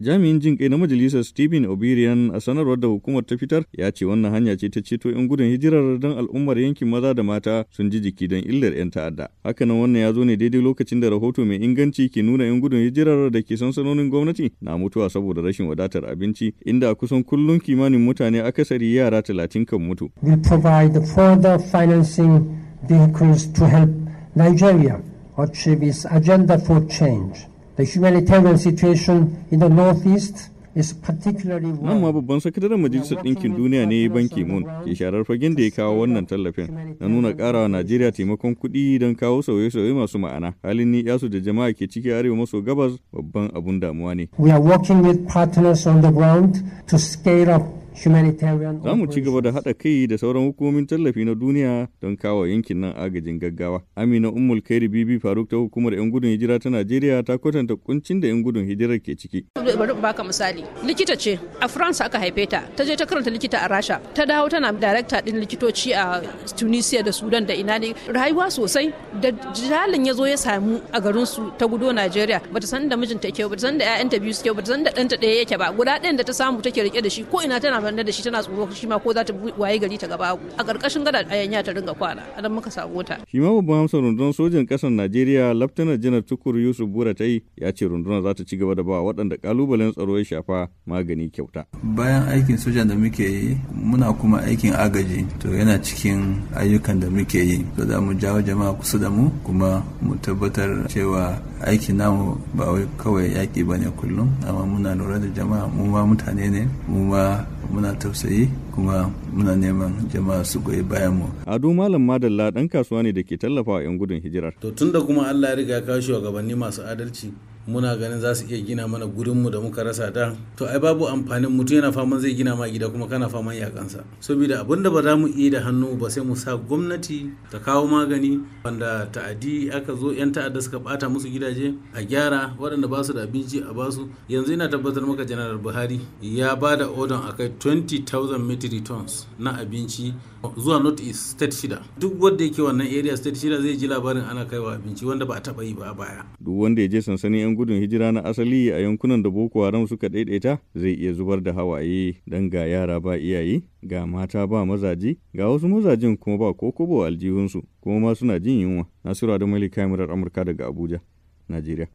Jami'in jin kai na majalisar Stephen Obirian a sanarwar da hukumar ta fitar ya ce wannan hanya ce ta ceto 'yan gudun hijirar don al'ummar yankin maza da mata sun ji jiki don illar 'yan ta'adda. Hakanan wannan ya zo ne daidai lokacin da rahoto mai inganci ke nuna 'yan gudun hijirar da ke sansanonin gwamnati na mutuwa saboda rashin wadatar abinci inda kusan kullum kimanin mutane akasari yara talatin kan mutu. We provide the further financing vehicles to help Nigeria achieve its agenda for change. The humanitarian situation in the northeast Nan ma babban sakataren Majalisar Ɗinkin Duniya ne Ban Ki-moon ke sharar fagen da ya kawo wannan tallafin na nuna ƙara wa Najeriya taimakon kuɗi don kawo sauye-sauye masu ma'ana. Halin ni yasu da jama'a ke ciki arewa maso gabas babban abun damuwa ne. We are working with partners on the ground to scale up zamu mu ci gaba da haɗa kai da sauran hukumomin tallafi na duniya don kawo yankin nan agajin gaggawa. Amina Ummul Kairi Bibi Faruk ta hukumar 'yan gudun hijira ta Najeriya ta kwatanta kuncin da 'yan gudun hijirar ke ciki. Bari baka misali. Likita ce a France aka haife ta. Ta je ta karanta likita a Rasha. Ta dawo tana darakta ɗin likitoci a Tunisia da Sudan da ina ne. Rayuwa sosai da jalin ya zo ya samu a garin su ta gudo Najeriya. Bata san da mijinta yake ba, bata san da 'ya'yanta biyu suke ba, bata san da ɗanta ɗaya yake ba. Guda ɗayan da ta samu take rike da shi ko ina tana kwantar da shi tana tsoro shi ma ko za ta waye gari ta gaba a karkashin gada yanya ta ringa kwana anan muka samu ta. shi ma babban hamsa rundunar sojan kasan najeriya laftanar janar tukur yusuf bura ta yi ya ce rundunar za ta ci gaba da ba waɗanda ƙalubalen tsaro ya shafa magani kyauta. bayan aikin sojan da muke yi muna kuma aikin agaji to yana cikin ayyukan da muke yi to za mu jawo jama'a kusa da mu kuma mu tabbatar cewa aiki namu ba wai kawai yaƙi ba ne kullum amma muna lura da jama'a mu ma mutane ne mu ma muna tausayi kuma muna neman jama'a su goyi bayan mu. Ado Malam Madalla dan kasuwa ne da ke tallafa wa 'yan gudun hijirar. To tun da kuma Allah ya riga kawo shugabanni masu adalci muna ganin za su iya gina mana gurinmu da muka rasa da to ai babu amfanin mutum yana faman zai gina ma gida kuma kana faman yakansa saboda abin da ba za mu iya da hannu ba sai mu sa gwamnati ta kawo magani wanda ta'adi aka zo yan ta'adda suka bata musu gidaje a gyara waɗanda ba su da abinci a basu yanzu ina tabbatar maka janar buhari ya ba da odon a kai 20,000 metric tons na abinci zuwa north east state shida duk wanda yake wannan area state shida zai ji labarin ana kaiwa abinci wanda ba a taba yi ba a baya duk wanda ya je sansanin yan gudun hijira na asali a yankunan da Boko Haram suka daidaita zai iya zubar da hawaye don ga yara ba iyaye, ga mata ba mazaji ga wasu mazajin kuma ba kokobo aljihunsu, kuma ma suna jin yunwa. Nasiru Adamu Malika Amurka daga Abuja, Najeriya.